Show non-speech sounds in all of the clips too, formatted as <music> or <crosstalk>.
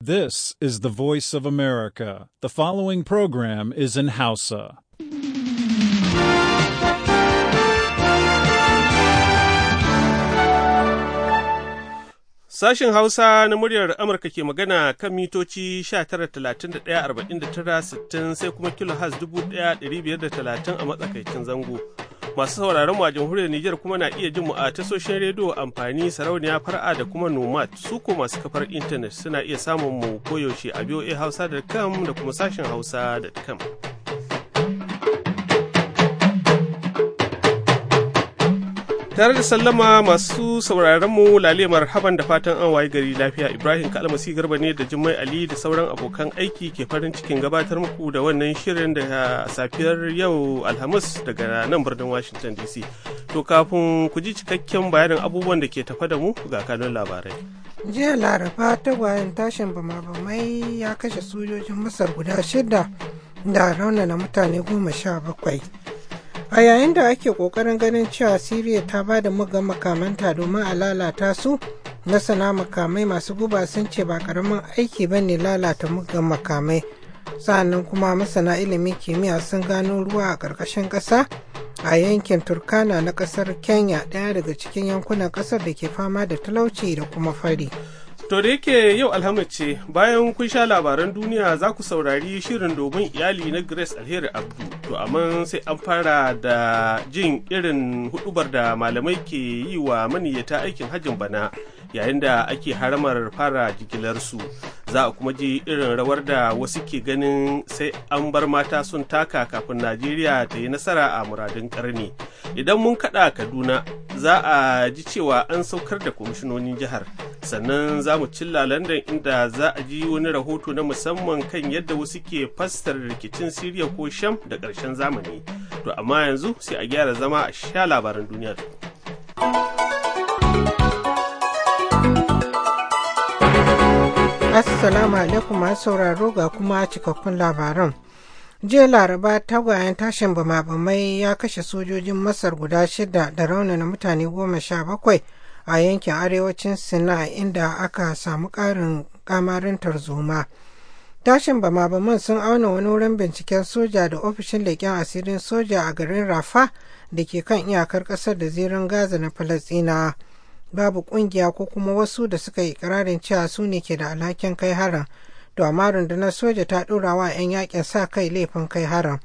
This is the voice of America. The following program is in Hausa. Sashen Hausa na muryar Amurka ke magana kan mitoci 19,31,49,60 sai kuma kilo has 1,530 a matsakaicin zango. Masu sauraron mu a jamhuriyar Nijar kuma na iya jin mu a tasoshin rediyo amfani sarauniya far'a da kuma nomad su ko masu kafar intanet suna iya samun mu koyaushe a hausa.com da kuma sashen hausa.com. Tare da sallama masu sauraron mu lale marhaban da fatan an waye gari lafiya Ibrahim Kalmasi Garba ne da Jummai Ali da sauran abokan aiki ke farin cikin gabatar muku da wannan shirin da safiyar yau Alhamis daga nan birnin Washington DC. To kafin ku ji cikakken bayanin abubuwan da ke tafa da mu ga kanun labarai. Jiya Laraba tagwayen tashin bama-bamai ya kashe sojojin Masar guda shida da raunana mutane goma sha bakwai. a yayin da ake kokarin ganin cewa siriya ta ba da muga makamanta domin a lalata su masana makamai masu guba sun ce ba karamin aiki ba ne lalata muga makamai sa'annan kuma masana ilimin kimiyya sun gano ruwa a ƙarƙashin ƙasa a yankin turkana na ƙasar kenya ɗaya daga cikin yankunan ƙasar da ke fama da talauci da kuma fari To da yake yau Alhamis ce bayan kun sha labaran duniya za ku saurari shirin domin iyali na Grace Alheri Abdu. To amma sai an fara da jin irin hudubar da malamai ke yi wa maniyyata aikin hajjin bana yayin da ake haramar fara jigilarsu. Za a kuma ji irin rawar da wasu ke ganin sai an bar mata sun taka kafin Najeriya ta yi nasara a muradun karni. Idan mun kaɗa Kaduna za a ji cewa an saukar da kwamishinonin jihar. sannan za mu cilla london inda za a ji wani rahoto na musamman kan yadda wasu ke fastar rikicin siriya ko sham da ƙarshen zamani to amma yanzu sai a gyara zama a sha labaran duniya assalamu alaikum masu sauraro ga kuma cikakkun labaran jiya laraba tagwayen tashin bama-bamai ya kashe sojojin masar guda shida da raunana mutane goma sha bakwai a yankin arewacin Sinai inda aka samu ƙarin kamarin tarzoma. Tashin bama-baman sun auna wani wurin binciken soja da ofishin leƙen asirin soja a garin Rafa da ke kan iyakar ƙasar da zirin Gaza na Falasɗina. Babu ƙungiya ko kuma wasu da suka yi ƙirarin cewa su ne ke da alhakin kai haram To amma rundunar soja ta ɗora wa 'yan yakin sa kai laifin kai haram?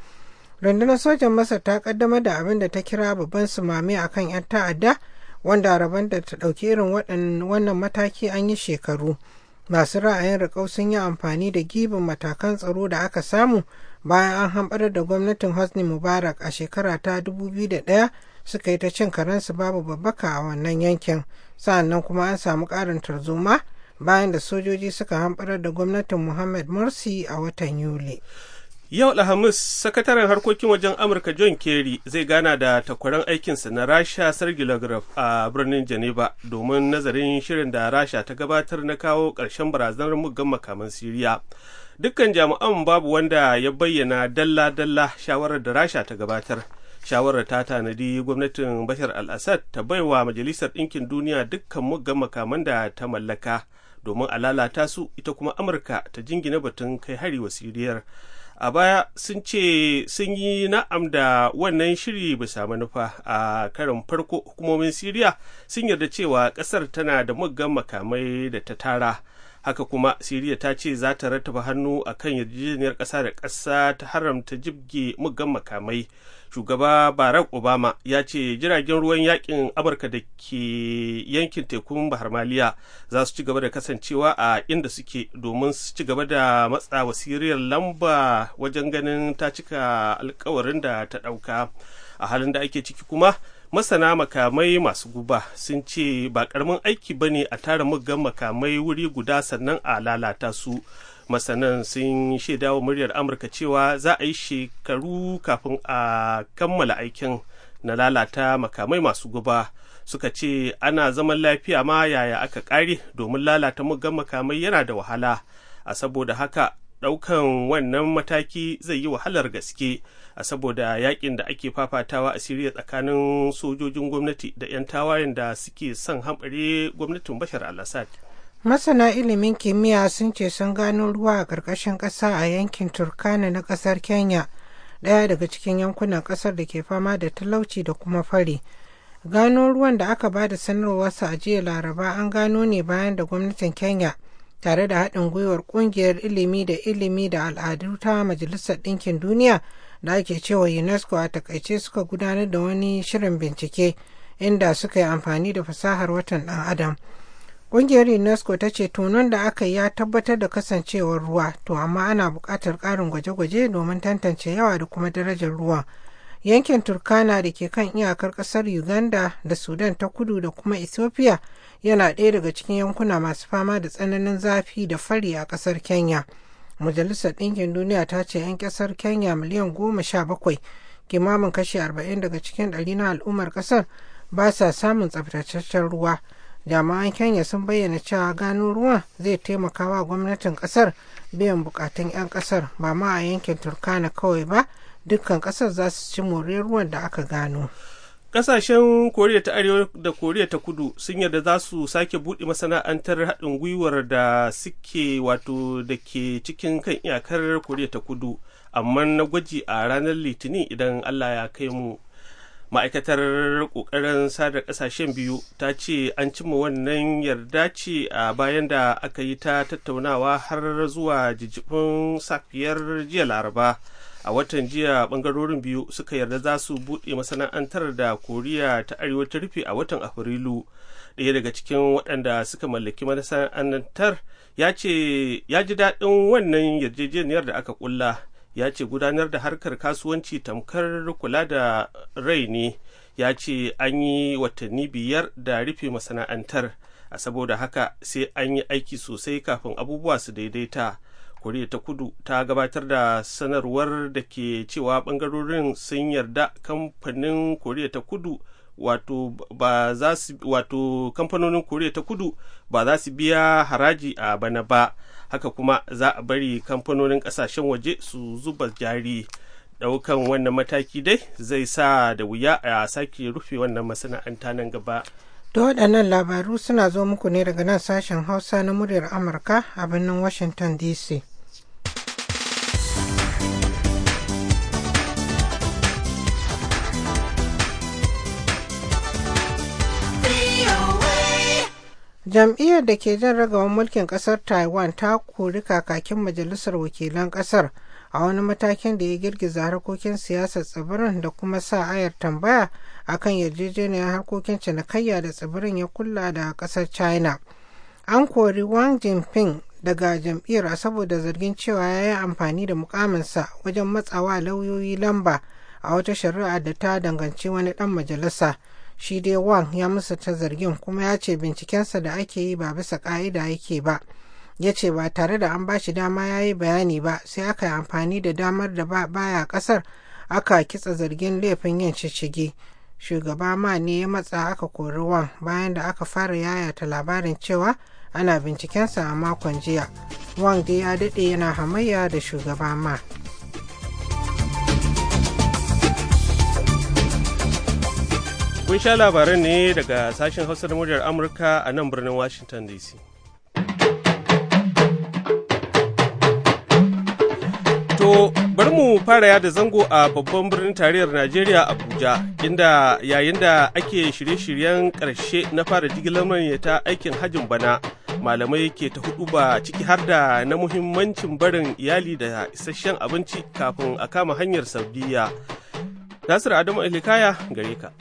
Rundunar sojan Masar ta ƙaddamar da abin da ta kira babban sumame akan 'yan ta'adda wanda rabon da ta ɗauki irin wannan mataki an yi shekaru masu ra'ayin rikau sun yi amfani da gibin matakan tsaro da aka samu bayan an hamɓarar da gwamnatin hosni mubarak a shekara ta 2001 suka yi ta cin karensu babu babbaka a wannan yankin nan kuma an samu ƙarin tarzoma bayan da sojoji suka hamɓarar da gwamnatin muhammad morsi a watan yuli Yau Alhamis, sakataren harkokin wajen Amurka John Kerry zai gana da takwaran aikinsa na Rasha Sergei Lavrov a birnin Geneva domin nazarin shirin da Rasha ta gabatar na kawo ƙarshen barazanar muggan makaman Siriya. Dukkan jami'an babu wanda ya bayyana dalla-dalla shawarar da Rasha ta gabatar. Shawarar ta tanadi gwamnatin Bashar al-Assad ta baiwa Majalisar Ɗinkin Duniya dukkan muggan makaman da ta mallaka domin a lalata su ita kuma Amurka ta jingina batun kai hari wa Siriyar. a baya sun ce sun yi na'am da wannan shiri bisa manufa a karin farko hukumomin siriya sun yarda cewa ƙasar tana da muggan makamai da ta tara haka kuma siriya ta ce za ta rattaba hannu a kan yarjejeniyar ƙasa da ƙasa ta haramta jibge muggan makamai shugaba barack obama ya ce jiragen ruwan yakin amurka da ke yankin tekun bahar maliya za su ci gaba da kasancewa a inda suke domin su ci gaba da matsa wa siriyar lamba wajen ganin ta cika alkawarin da ta ɗauka a halin da ake ciki kuma masana makamai masu guba sun ce ba karamin aiki bane a tara muggan makamai wuri guda sannan a lalata su masanan sun shaida wa muryar amurka cewa za a yi shekaru kafin a kammala aikin na lalata makamai masu guba suka ce ana zaman lafiya ma yaya aka kare domin lalata muggan makamai yana da wahala a saboda haka ɗaukan wannan mataki zai yi wahalar gaske a saboda yakin da ake fafatawa a siriya tsakanin sojojin gwamnati da 'yan tawayen da suke son hamɓare gwamnatin bashar al-assad masana ilimin kimiyya sun ce sun gano ruwa a ƙarƙashin ƙasa a yankin turkana na ƙasar kenya ɗaya daga cikin yankunan ƙasar da ke fama da talauci da kuma fari gano ruwan da aka ba da sanarwarsa a jiya laraba an gano ne bayan da gwamnatin kenya tare da haɗin gwiwar ƙungiyar ilimi da ilimi da al'adu ta majalisar ɗinkin duniya da ake cewa unesco a takaice suka gudanar da wani shirin bincike inda suka yi amfani da fasahar watan ɗan adam ƙungiyar unesco ta ce tonon da aka ya tabbatar da kasancewar ruwa to amma ana buƙatar ƙarin gwaje-gwaje domin tantance yawa da kuma darajar ruwa yankin turkana da ke kan iyakar kasar uganda da sudan ta kudu da kuma ethiopia yana ɗaya daga cikin yankuna masu fama da tsananin zafi da fari a kasar kenya majalisar ɗinkin duniya ta ce 'yan kasar kenya miliyan goma sha bakwai kimamin kashi arba'in daga cikin ɗari na al'ummar kasar ba sa samun tsaftataccen ruwa jami'an kenya sun bayyana cewa gano ruwa zai taimakawa gwamnatin kasar biyan bukatun 'yan kasar ba ma a yankin turkana kawai ba dukkan kasar za su ci more ruwan da aka gano kasashen koriya ta arewa da koriya ta kudu sun yarda za su sake buɗe masana'antar haɗin gwiwar da suke wato da ke cikin kan iyakar koriya ta kudu amma na gwaji a ranar litinin idan allah ya kai mu ma'aikatar ƙoƙarin sadar ƙasashen biyu ta ce an cimma wannan yarda ce a bayan da aka yi ta tattaunawa har zuwa jijibin safiyar jiya laraba a watan jiya bangarorin biyu suka yarda za su buɗe masana'antar da koriya ta arewa ta rufe a watan afrilu ɗaya daga cikin waɗanda suka mallaki masana'antar ya ce ya ji daɗin wannan yarjejeniyar da aka ƙulla ya ce gudanar da harkar kasuwanci tamkar kula da rai ne ya ce an yi watanni biyar da rufe masana'antar a saboda haka sai an yi aiki sosai kafin abubuwa su daidaita koriya ta kudu ta gabatar da sanarwar da ke cewa bangarorin sun yarda kamfanin koriya ta kudu wato kamfanonin koriya ta kudu ba za su biya haraji a bana ba haka kuma za a bari kamfanonin kasashen waje su zuba jari daukan wannan mataki dai zai sa da wuya a sake rufe wannan masana'anta nan gaba da waɗannan labaru suna zo muku ne daga nan sashen hausa na muryar amurka a birnin washington dc jam'iyyar da ke jan ragawan mulkin kasar taiwan ta kori kakakin majalisar wakilan kasar a wani matakin da ya girgiza harkokin siyasar tsibirin da kuma sa ayar tambaya akan yarjejeniyar harkokin cinikayya da tsibirin ya kulla da kasar china an kori wang jinping daga jam'iyyar saboda zargin cewa ya yi amfani da mukaminsa wajen matsawa lauyoyi lamba a wata shari'a da ta danganci wani dan majalisa shi dai wang ya musu ta zargin kuma ya ce bincikensa da ake yi ba bisa ka'ida yake ba ya ce ba tare da an ba shi dama ya yi bayani ba sai aka yi amfani da damar da baya kasar aka kitsa zargin laifin yin cicige shugaba ma ne ya matsa aka kori wang bayan da aka fara yayata labarin cewa ana bincikensa a makon jiya wang dai ya daɗe yana hamayya da shugaba ma Kun sha labaran ne daga sashen Hausa da muryar Amurka a nan birnin Washington DC. To, bari mu fara yada zango a babban birnin tarayyar Najeriya Abuja, inda yayin da ake shirye-shiryen karshe na fara jigilar ta aikin hajin bana, malamai ke ta hudu ba ciki har da na muhimmancin barin iyali da isasshen abinci kafin a kama hanyar Saudiya. Nasiru Adamu Ilikaya gare ka.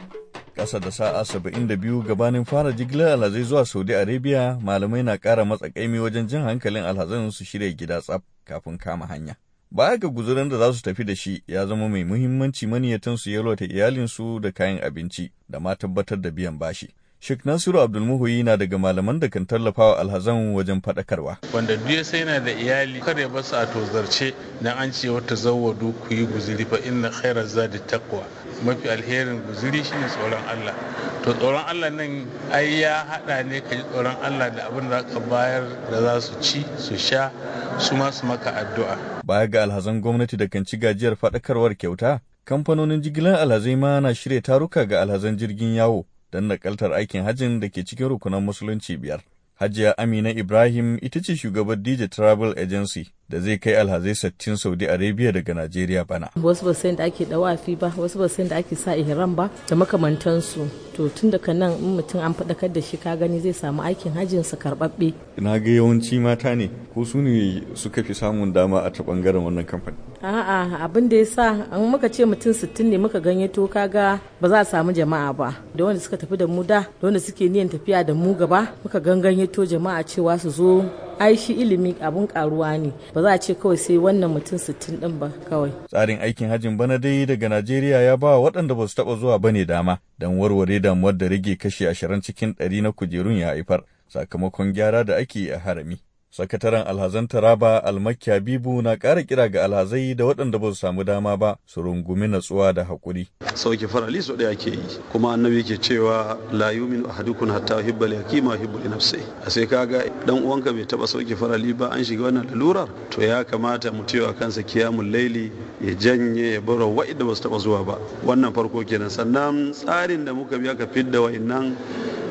Ƙasa da sa'a 72 da biyu gabanin fara jigilar alhazai zuwa Saudi Arabia malamai na ƙara kaimi wajen jin hankalin alhazan su shirya gida tsaf kafin kama hanya. Baya ga guzuran da za su tafi da shi ya zama mai muhimmanci maniyatan su yalwata iyalinsu da kayan abinci da ma tabbatar da biyan bashi. Sheikh Nasiru Muhuyi na daga malaman da kan tallafa wa alhazan wajen faɗakarwa. Wanda biyu sai yana da iyali kar ya basu a tozarce dan an ce wata zawadu ku yi guziri fa inna khairar zadi takwa mafi alherin guziri shine tsoron Allah. To tsoron Allah nan ai ya haɗa ne ka ji tsoron Allah da abin da ka bayar da za su ci su sha su ma su maka addu'a. Baya ga alhazan gwamnati da kan ci gajiyar faɗakarwar kyauta, kamfanonin jigilar alhazai ma na shirya taruka ga alhazan jirgin yawo don nakaltar aikin hajjin da ke cikin rukunan musulunci biyar. Hajiya Amina Ibrahim ita ce shugabar DJ Travel Agency da zai kai alhazai sattin Saudi Arabia daga Najeriya bana. Wasu ba da ake dawafi ba, wasu ba da ake sa ihram ba da makamantansu. To tun daga nan in mutum an faɗakar da shi ka gani zai samu aikin hajjin sa karɓaɓɓe. Na ga yawanci mata ne ko su ne suka fi samun dama a ta ɓangaren wannan kamfani. A'a abin da ya sa an muka ce mutum sittin ne muka ganye to kaga ba za a samu jama'a ba. Da wanda suka tafi da mu da, da wanda suke niyan tafiya da mu gaba muka ganganye to jama'a cewa su zo ai shi ilimi abun karuwa ne ba za a ce kawai sai wannan mutum sittin din ba kawai tsarin aikin hajjin bana dai daga najeriya ya ba waɗanda ba su taɓa zuwa ba ne dama don warware damuwar da rage kashi ashirin cikin ɗari na kujerun ya haifar sakamakon gyara da ake a harami Sakataren alhazan Taraba Almakya Bibu na ƙara kira ga alhazai da waɗanda ba su samu dama ba su rungumi natsuwa da haƙuri. Sauke farali su ɗaya ke yi kuma annabi ke cewa la yuminu ahadukum hatta yuhibba li yaqima yuhibbu li nafsi. A sai kaga dan uwanka bai taba sauke farali ba an shiga wannan lalurar to ya kamata mu cewa kansa kiyamul laili ya janye ya bar wa'ida ba su taba zuwa ba. Wannan farko kenan sannan tsarin da muka bi aka fidda wa'innan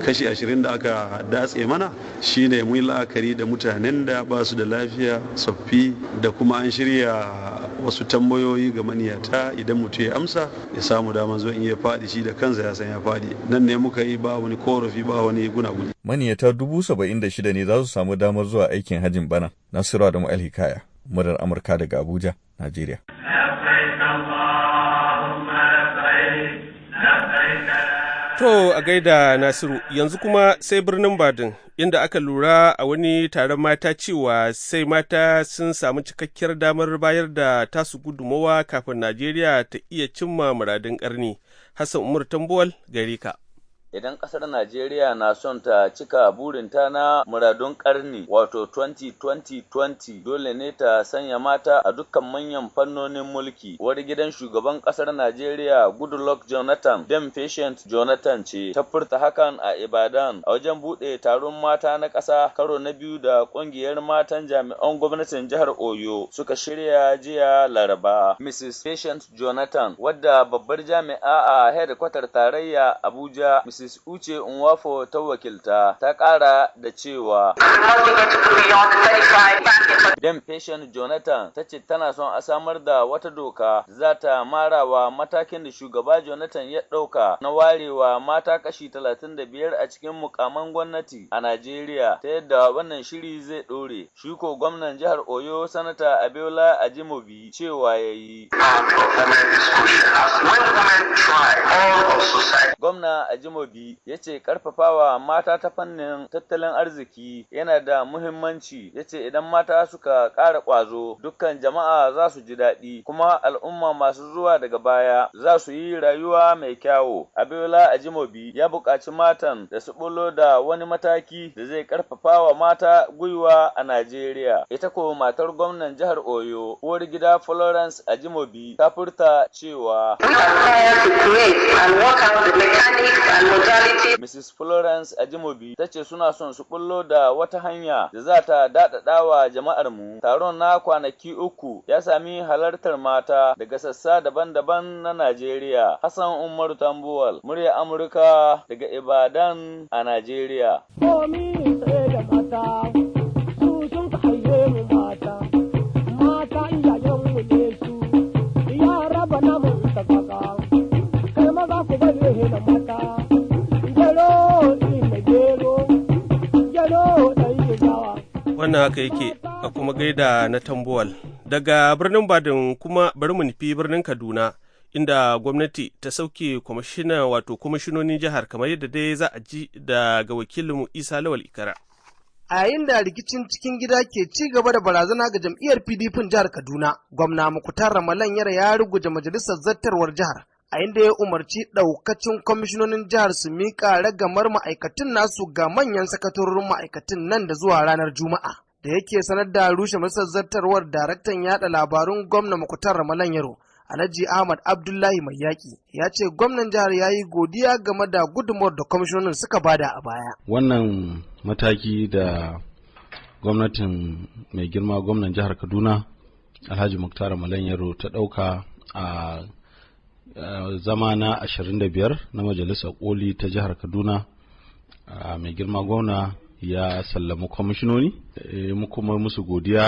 kashi ashirin da aka datse mana shine mu la'akari da mutane wa'anda ba su da lafiya tsoffi da kuma an shirya wasu tambayoyi ga maniyata idan mutum ya amsa ya samu damar zo in ya faɗi shi da kansa ya san ya faɗi nan ne muka yi ba wani korafi ba wani gunaguni. maniyata dubu saba'in da shida ne za su samu damar zuwa aikin hajin bana nasiru adamu alhikaya murar amurka daga abuja najeriya. To a gaida Nasiru, yanzu kuma sai birnin Badin, inda aka lura a wani taron mata cewa sai mata sun samu cikakkiyar damar bayar da tasu gudumawa kafin Najeriya ta iya cimma muradin ƙarni. Hassan Umar Tambuwal gare ka. idan ƙasar Najeriya na son ta cika burinta na muradun ƙarni wato 2020 dole ne ta sanya mata a dukkan manyan fannonin mulki Wani gidan shugaban ƙasar Najeriya Goodluck Jonathan Dem Patient Jonathan ce ta furta hakan a Ibadan a wajen buɗe taron mata na ƙasa karo na biyu da ƙungiyar matan jami'an gwamnatin jihar Oyo suka shirya jiya Laraba Mrs Patient Jonathan wadda babbar jami'a a hedkwatar tarayya Abuja Mrs Mrs. Uche Nwafo ta wakilta ta ƙara da cewa Dem Patient Jonathan ta ce tana son a samar da wata doka za ta marawa matakin da shugaba Jonathan ya ɗauka na warewa mata kashi talatin 35 a cikin mukaman gwamnati a Najeriya ta yadda wannan shiri zai ɗore. Shuko gwamnan jihar Oyo Sanata Abiola Ajimobi cewa ya yi. Gwamna Ajimobi Gobi ya ce karfafawa mata ta fannin tattalin arziki yana da muhimmanci ya ce idan mata suka ƙara ƙwazo dukkan jama'a za su ji daɗi kuma al'umma masu zuwa daga baya za su yi rayuwa mai kyawo. Abiola Ajimobi ya buƙaci matan da su bulo da wani mataki da zai karfafawa mata gwiwa a Najeriya. Ita ko matar gwamnan jihar Oyo, uwar gida Florence Ajimobi ta furta cewa. and work out the mechanics and Mrs. Florence Ajimobi ta ce suna son su bullo da wata hanya da za ta daɗaɗa wa jama'ar mu. Taron na kwanaki uku ya sami halartar mata daga sassa daban-daban na Najeriya. Hassan Umaru Tambuwal, murya Amurka daga Ibadan a Najeriya. Oh, wannan haka yake a kuma gaida na tambuwal daga birnin badin kuma bari mu nufi birnin kaduna inda gwamnati ta sauke kwamishina wato kwamishinonin jihar kamar yadda dai za a ji daga wakilinmu isa lawal ikara a yayin da rikicin cikin gida ke ci gaba da barazana ga jam'iyyar pdp jihar kaduna gwamna mukutar ramalan yara ya ruguje majalisar zartarwar jihar a inda ya umarci ɗaukacin kwamishinonin jihar su miƙa ragamar ma'aikatan nasu ga manyan sakatorin ma'aikatan nan da zuwa ranar Juma'a. Da yake sanar da rushe masar zartarwar daraktan yaɗa labarun gwamna makutar Ramalan Yaro. Alhaji Ahmad Abdullahi Mai Yaƙi ya ce gwamnan jihar ya yi godiya game da gudunmawar da kwamishinonin suka bada a baya. Wannan mataki da gwamnatin mai girma gwamnan jihar Kaduna Alhaji Muktar ramalan Yaro ta ɗauka a zama na 25 na majalisar koli ta jihar kaduna mai girma gwamna ya sallama kwamishinoni eh, mu kuma musu godiya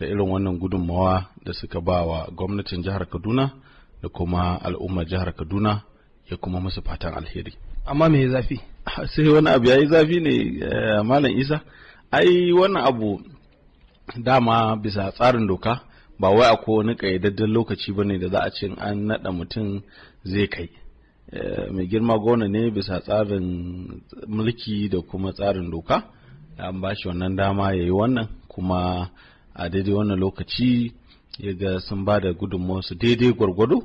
da irin wannan gudunmawa da suka ba wa gwamnatin jihar kaduna da kuma al'ummar jihar kaduna ya kuma musu fatan alheri amma me zafi <laughs> sai wani abu ya yi zafi ne eh, malam isa ai wannan abu dama bisa tsarin doka ba wai akwai wani ƙayyadaddun lokaci ba ne da za a ce an naɗa mutum zai kai eh, mai girma gona ne bisa tsarin mulki da kuma tsarin doka an ba shi wannan dama ya yi wannan kuma a daidai wannan lokaci ya ga sun ba da su daidai gwargwado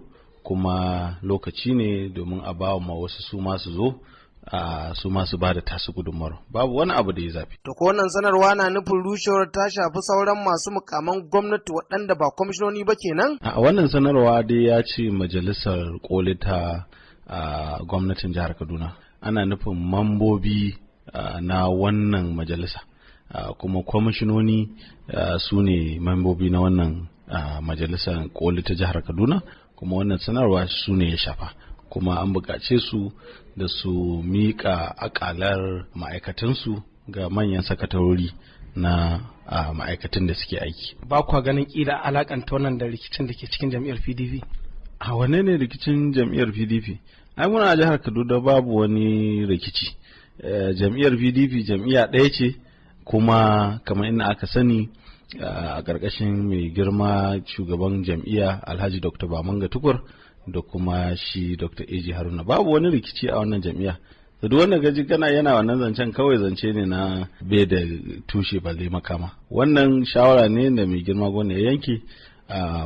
kuma lokaci ne domin a ba ma wasu su masu zo Uh, su masu ba da tasu gudunmawar babu wani abu da ya zafi. To ko wannan sanarwa na nufin rushewar ta shafi sauran masu mukaman gwamnati waɗanda ba kwamishinoni ba kenan? A uh, wannan sanarwa dai ya ce majalisar koli ta uh, gwamnatin jihar Kaduna. Ana nufin mambobi na wannan majalisa kuma kwamishinoni su ne mambobi na wannan majalisar koli ta jihar Kaduna kuma wannan sanarwa su ne ya shafa. kuma an buƙace su da su miƙa akalar ma'aikatansu ga manyan sakatarori na ma'aikatan da suke aiki. Ba kwa ganin ƙila alaƙanta wannan da rikicin da ke cikin jam'iyyar PDP? A wane ne rikicin jam'iyyar PDP? Ai muna a jihar Kaduna babu wani rikici. Eh, jam'iyyar PDP jam'iyya ɗaya ce kuma kamar ina aka sani eh, a ƙarƙashin mai girma shugaban jam'iyya Alhaji Dr. Bamanga Tukur da kuma shi dr eji haruna babu wani rikici a wannan jam'iyya da duk wanda gaji gana yana wannan zancen kawai zance ne na bai da tushe balle makama wannan shawara ne da mai girma gwamna ya yanke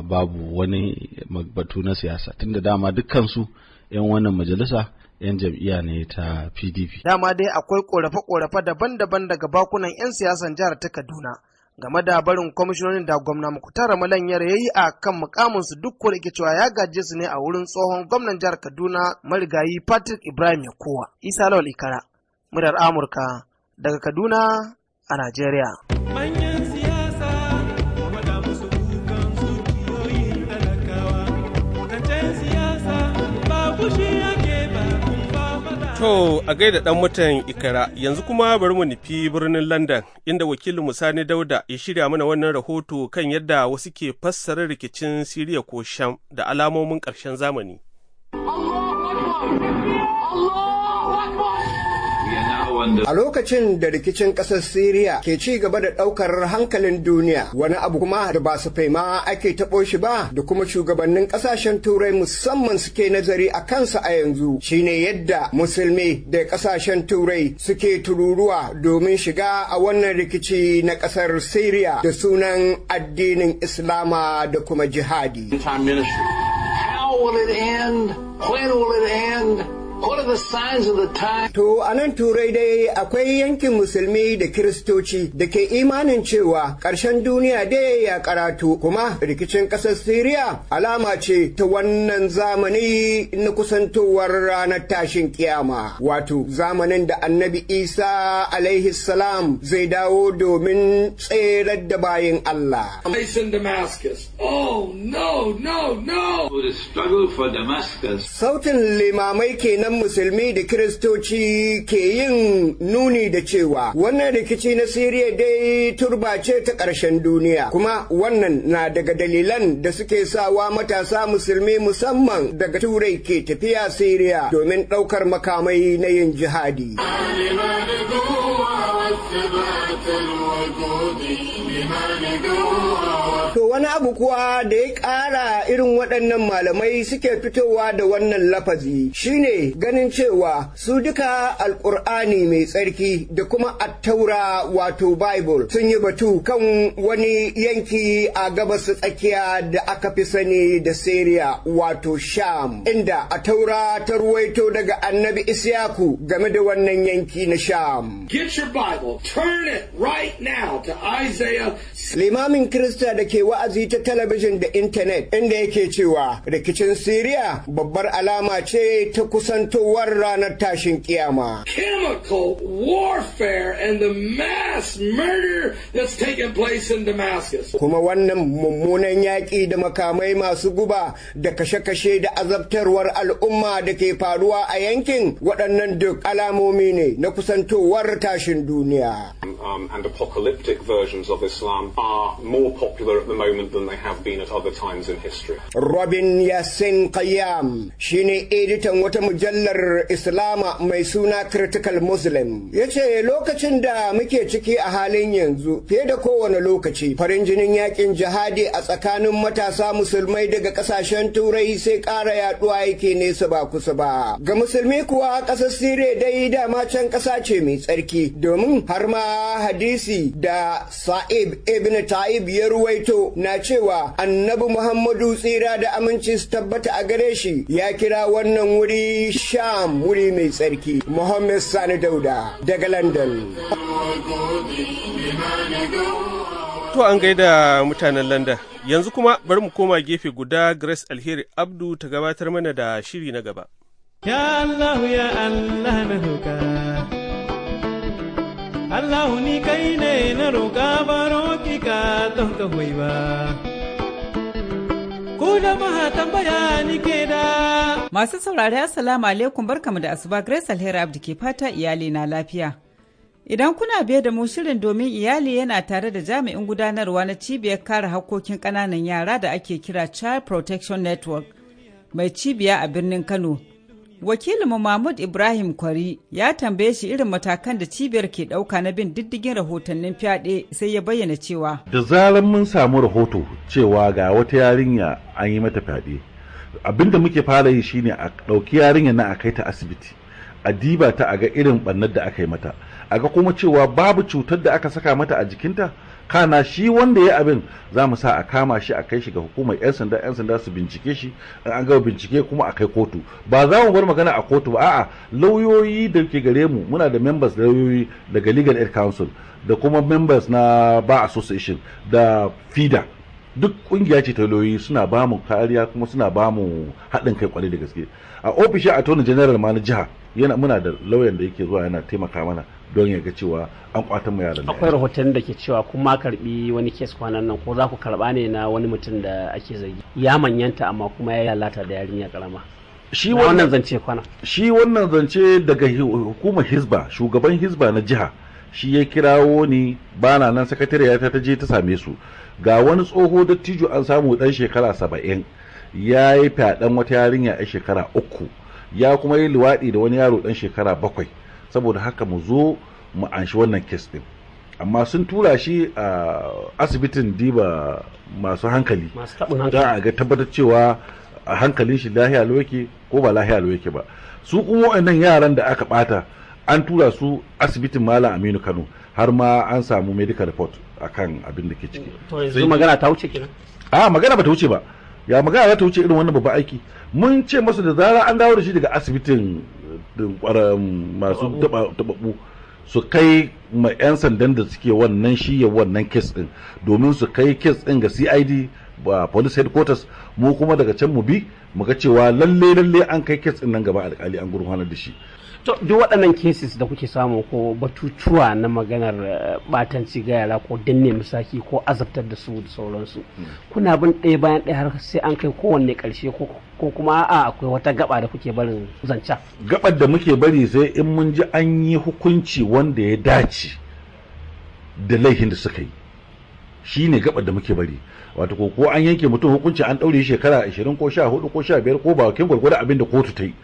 babu wani batu na siyasa tunda dama dukkansu 'yan wannan majalisa 'yan jam'iyya ne ta pdp dama dai akwai korafe-korafe daban-daban daga bakunan 'yan siyasan jihar ta kaduna game da barin kwamishinonin da gwamna Muktar Malanyar ya yi a kan mukaminsu duk ko cewa ya gaje su ne a wurin tsohon gwamnan jihar Kaduna marigayi Patrick Ibrahim Yakowa. Isa Lawal Ikara, murar Amurka daga Kaduna a Najeriya. To a gaida ɗan mutan Ikara yanzu kuma bari mu nufi birnin London inda wakilin Sani Dauda ya shirya mana wannan rahoto kan yadda wasu ke fassara rikicin Siriya ko Sham da alamomin ƙarshen zamani. Allah! A lokacin da rikicin ƙasar Siriya ke ci gaba da ɗaukar hankalin duniya wani abu kuma da ba su faima ake taɓo shi ba da kuma shugabannin ƙasashen turai musamman suke nazari a kansa a yanzu shine yadda musulmi da ƙasashen turai suke tururuwa domin shiga a wannan rikici na ƙasar Siriya da sunan addinin Islama da kuma jihadi. How will it end? When will it end? What are To a nan turai dai akwai yankin musulmi da kiristoci da ke imanin cewa ƙarshen duniya dai ya karatu kuma rikicin ƙasar Siriya alama ce ta wannan zamani na kusantowar ranar tashin kiyama wato zamanin da annabi Isa alaihi salam zai dawo domin tserar da bayin Allah. Oh, Sautin limamai kenan musulmi da kiristoci ke yin nuni da cewa wannan rikici na siriya dai turba ce ta ƙarshen duniya kuma wannan na daga dalilan da suke sawa matasa musulmi musamman daga turai ke tafiya siriya domin ɗaukar makamai na yin jihadi. wani abu kuwa da ya ƙara irin waɗannan malamai suke fitowa da wannan lafazi shine ganin cewa su duka alƙur'ani mai tsarki da kuma attaura wato bible sun yi batu kan wani yanki a gabas tsakiya da aka fi sani da Syria wato Sham inda attaura ta ruwaito daga annabi Isyaku game da wannan yanki na Sham. Get your Bible, turn it Limamin Kirista da ke wa'a wa'azi ta talabijin da intanet inda yake cewa rikicin Siriya babbar alama ce ta kusantowar ranar tashin kiyama. Chemical warfare and Kuma wannan mummunan yaƙi da makamai masu guba da kashe-kashe da azabtarwar al'umma da ke faruwa a yankin waɗannan duk alamomi ne na kusantowar tashin duniya. um, and apocalyptic versions of Islam are more popular at the moment than they have been at other times in history. Robin Yassin Qayyam shine editan wata mujallar Islama mai suna Critical Muslim. Ya ce lokacin da muke ciki a halin yanzu fiye da kowane lokaci farin jinin yakin jihadi a tsakanin matasa musulmai daga kasashen turai sai ƙara yaduwa yake nesa ba kusa ba. Ga musulmi kuwa ƙasar Sire dai dama can ƙasa ce mai tsarki domin har ma hadisi da Sa'ib ibn Ta'ib ya ruwaito na cewa Annabi Muhammadu tsira da aminci su tabbata a gare shi ya kira wannan wuri Sham wuri mai tsarki Muhammad Sani Dauda daga London. To an gaida mutanen London. Yanzu kuma bari mu koma gefe guda Grace Alheri Abdu ta gabatar mana da shiri na gaba. Ya Allah ya Allah na hukar. Allah ni kai ne na roƙa baro ki ka don ka ba. Ku maha tambaya ni ke da. Masu saurari assalamu alaikum barkamu da asuba Grace Alheri Abdi ke fata iyali na lafiya. Idan kuna biye da mu shirin domin iyali yana tare da jami'in gudanarwa na cibiyar kare hakkokin ƙananan yara da ake kira Child Protection Network mai cibiya a birnin Kano. Wakilin Mahmud Ibrahim Kwari ya tambaye shi irin matakan da cibiyar ke ɗauka na bin diddigin rahotannin fyaɗe sai ya bayyana cewa. Da zarar mun samu rahoto cewa ga wata yarinya an yi mata fyaɗe. abinda muke fara yi shine a ɗauki yarinya na a kai ta asibiti. A diba ta a ga irin ɓannar da aka yi mata. A ga kuma cewa babu cutar da aka saka mata a jikinta kana shi wanda ya abin za mu sa a kama shi a kai shi ga hukumar 'yan sanda 'yan sanda su bincike shi in an gama bincike kuma a kai kotu ba za mu bar magana a kotu ba a'a lauyoyi da ke gare mu muna da members lauyoyi daga legal aid council da kuma members na bar association da fida duk kungiya ce ta lauyoyi suna ba mu kariya kuma suna ba mu haɗin kai kwale da gaske a ofishin attorney general ma na jiha yana muna da lauyan da yake zuwa yana taimaka mana don ya ga cewa an kwata mu yaran akwai rahoton da ke cewa ma karbi wani kes kwanan nan ko za ku karba ne na wani mutum da ake zargi ya manyanta amma kuma ya lalata da yarinya karama shi wannan zance kwana shi wannan zance daga hukumar hizba shugaban hizba na jiha shi ya kirawo ni bana nan sakatariya ta je ta same su ga wani tsoho dattijo an samu dan shekara saba'in ya yi fyaɗen wata yarinya a shekara uku ya kuma yi luwaɗi da wani yaro ɗan shekara bakwai saboda haka mu zo mu anshi wannan kes din amma sun tura shi a asibitin diba masu hankali da a ga tabbatar cewa a hankalin shi lahiya yake ko ba lahiya yake ba su kuma waɗannan yaran da aka bata an tura su asibitin malam aminu kano har ma an samu medical report akan abin da ke ciki to yanzu magana ta wuce kenan a magana ba ta wuce ba ya magana za ta wuce irin wannan babban aiki mun ce masu da zara an dawo da shi daga asibitin masu tababu su kai ma 'yan sandan da suke wannan ya wannan kes din domin su kai kes din ga cid ba police headquarters mu kuma daga can mu bi muka cewa lalle lalle an kai kes din nan gaba alkali an gurfanar da shi duk waɗannan cases da kuke samu ko batutuwa na maganar batanci eh, ga yara ko danne misaki ko azabtar da su da sauransu hmm. kuna bin ɗaya bayan ɗaya har sai an kai kowanne ƙarshe ko kuma a akwai wata gaba da kuke barin zanca gabar da muke bari sai in mun ji an yi hukunci wanda ya dace da laifin da suka yi shi ne gabar da muke bari wato ko an yanke mutum hukunci an ɗaure shekara 20 ko 14 ko 15 ko ba kin gwargwada abin da kotu ta yi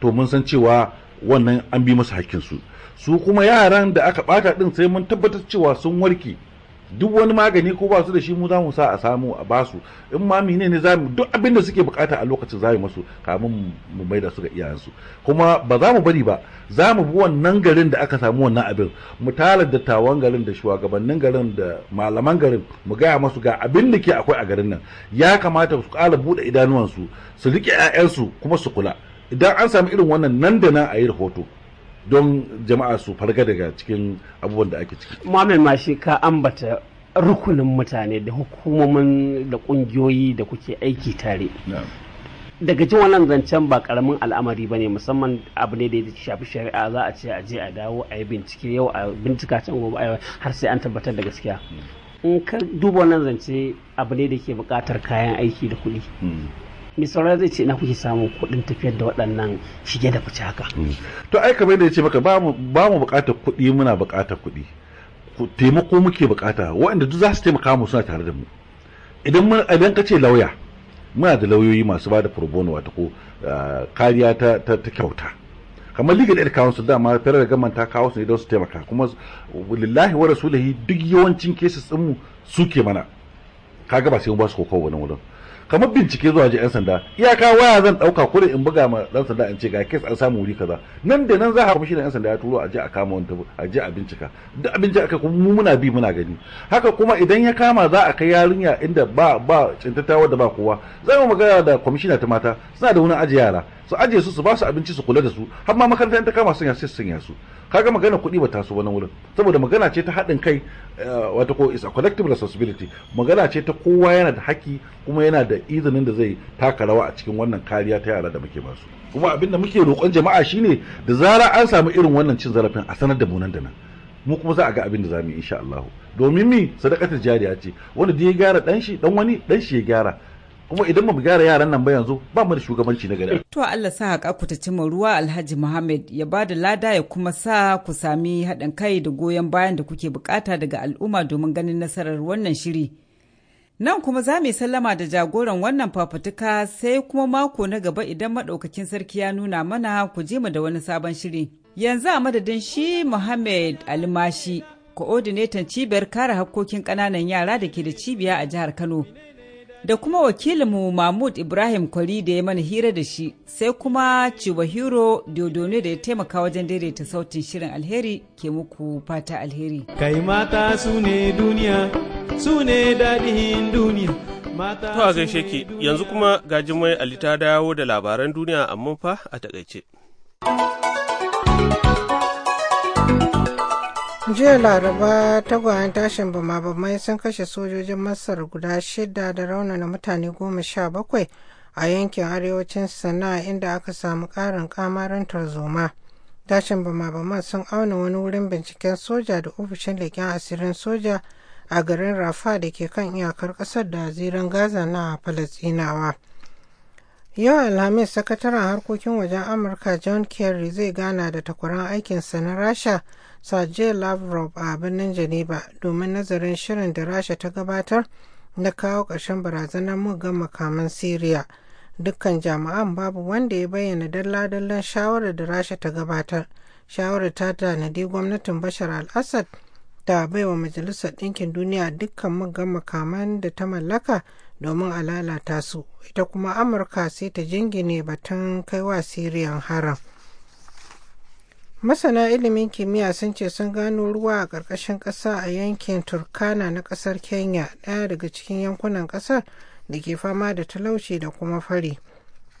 to mun san cewa wannan an bi masa hakkin su kuma yaran da aka bata din sai mun tabbatar cewa sun warke duk wani magani ko ba su da shi mu zamu sa a samu a su in ma mine ne za mu duk abin da suke bukata a lokacin za mu masu kamun mu mai da su ga su kuma ba za mu bari ba za mu bi wannan garin da aka samu wannan abin mu tara dattawan garin da shugabannin garin da malaman garin mu gaya masu ga abin da ke akwai a garin nan ya kamata su ƙara bude idanuwansu su rike ƴaƴansu kuma su kula idan an sami irin wannan nan da nan a yi rahoto don jama'a su farga daga cikin abubuwan da ake ciki muhammed shi ka ambata rukunin mutane da hukumomin da kungiyoyi da kuke aiki tare daga jin wannan zancen ba karamin al'amari ba ne musamman abu ne da ya shafi shari'a za a ce a je a dawo a yi bincike yau a bincika can gobe a har sai an tabbatar da gaskiya hmm. in ka duba wannan zance abu ne da ke bukatar kayan aiki da kuɗi hmm. mai zai ce na kuke samu kuɗin tafiyar da waɗannan shige da fice haka. Mm. to ai kamar da ya ce maka ba mu buƙatar kuɗi muna buƙatar kuɗi taimako muke bukata waɗanda duk za su taimaka mu suna tare da mu idan idan ka ce lauya muna da lauyoyi masu ba da furbono wata ko ah, kariya ta kyauta kamar da aid su dama da government ta kawo su ne don su taimaka kuma lillahi wa rasulahi duk yawancin cases tsinmu suke mana kaga ba sai mu ba su kokowa wani wurin kamar bincike zuwa ji yan sanda iyaka waya zan dauka kuri in buga ma dan sanda in ce ga kes an samu wuri kaza nan da nan za a shi da yan sanda ya turo a je a kama wanta a je a bincika duk abin aka kuma mu muna bi muna gani haka kuma idan ya kama za a kai yarinya inda ba ba cintatawa da ba kowa za mu magana da kwamishina ta mata suna da wani aji yara su aje su su ba su abinci su kula da su har ma makaranta ta kama sanya sai sanya su kaga magana kuɗi ba ta su wani wurin saboda magana ce ta haɗin kai eh, wata ko is a collective responsibility magana ce ta kowa yana da haƙƙi kuma yana da izinin da zai taka rawa a cikin wannan kariya ta yara da muke basu kuma abin da muke roƙon jama'a shine da zara an samu irin wannan cin zarafin a sanar da mu nan da nan mu kuma za a ga abin da za mu yi insha Allah domin mi sadakatar jariya ce wanda da ya gyara dan shi dan wani dan shi ya gyara kuma idan mu gyara yaran nan ba yanzu ba mu da shugabanci na gari. To Allah sa haƙa ku ta cima ruwa Alhaji Muhammad ya ba da lada ya kuma sa ku sami haɗin kai da goyon bayan da kuke bukata daga al'umma domin ganin nasarar wannan shiri. Nan kuma za mu sallama da jagoran wannan fafutuka sai kuma mako na gaba idan maɗaukakin sarki ya nuna mana ku je mu da wani sabon shiri. Yanzu a madadin shi Muhammad Almashi, ko'odinetan cibiyar kare hakkokin ƙananan yara da ke da cibiya a jihar Kano. da kuma wakilinmu Mahmud Ibrahim Kwari da ya mana hira da shi sai kuma hero Dodone da ya taimaka wajen daidaita sautin shirin alheri ke muku fata alheri. Kai mata su ne duniya, su ne daɗin duniya. To a gaishe ki yanzu kuma gajimai Ali ta dawo da labaran duniya amma fa a takaice. jiya laraba tagwayen tashin bama-bamai sun kashe sojojin masar guda shida da raunana mutane goma sha bakwai a yankin arewacin sana'a inda aka samu karin kamarin tarzoma tashin bama-baman sun auna wani wurin binciken soja da ofishin leƙen asirin soja a garin rafa da ke kan iyakar ƙasar da ziran gaza na falastinawa yau alhamis sakataren harkokin wajen amurka john kerry zai gana da takwaran aikinsa na rasha sergei lavrov a birnin geneva domin nazarin shirin da rasha ta gabatar na kawo ƙarshen barazanar muggan makaman Siriya. dukkan jami'an babu wanda ya bayyana dalla-dallan shawarar da rasha ta gabatar shawarar ta tanadi gwamnatin bashar al-assad da baiwa majalisar ɗinkin duniya dukkan muggan makaman da ta mallaka domin a lalata su ita kuma amurka sai ta jingine batun kaiwa siriyan haram Masana ilimin kimiyya sun ce sun gano ruwa a ƙarƙashin ƙasa a yankin Turkana na ƙasar Kenya, ɗaya daga cikin yankunan ƙasar da ke fama da talauci da kuma fari.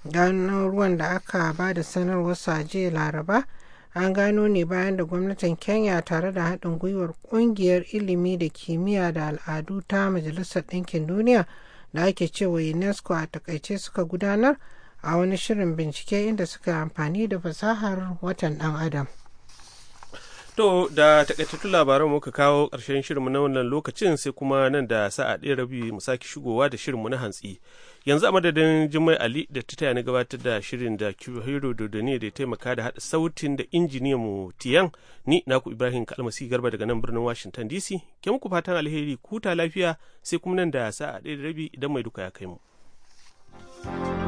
Gano ruwan da aka ba da sanarwar jiya Laraba an gano ne bayan da gwamnatin Kenya tare da haɗin gwiwar ƙungiyar ilimi da kimiyya da al'adu ta Majalisar Ɗinkin Duniya da ake cewa UNESCO a takaice suka gudanar a wani shirin bincike inda suka amfani da fasahar watan ɗan adam To da takaitattun labaran muka kawo ƙarshen shirinmu na wannan lokacin sai kuma nan da sa'a ɗaya rabi mu sake shigowa da shirinmu na hantsi. Yanzu a madadin jimai Ali da ta taya na gabatar da shirin da da ne da ya taimaka da haɗa sautin da injiniyan mu Tiyan ni naku Ibrahim Kalmasi Garba daga nan birnin Washington DC. Ke muku fatan alheri kuta lafiya sai kuma nan da sa'a ɗaya da rabi idan mai duka ya kai mu. thank you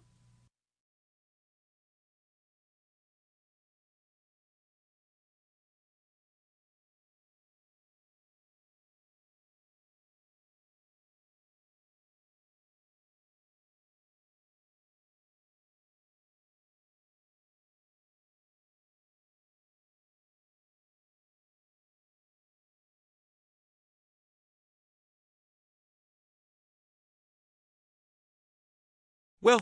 Well,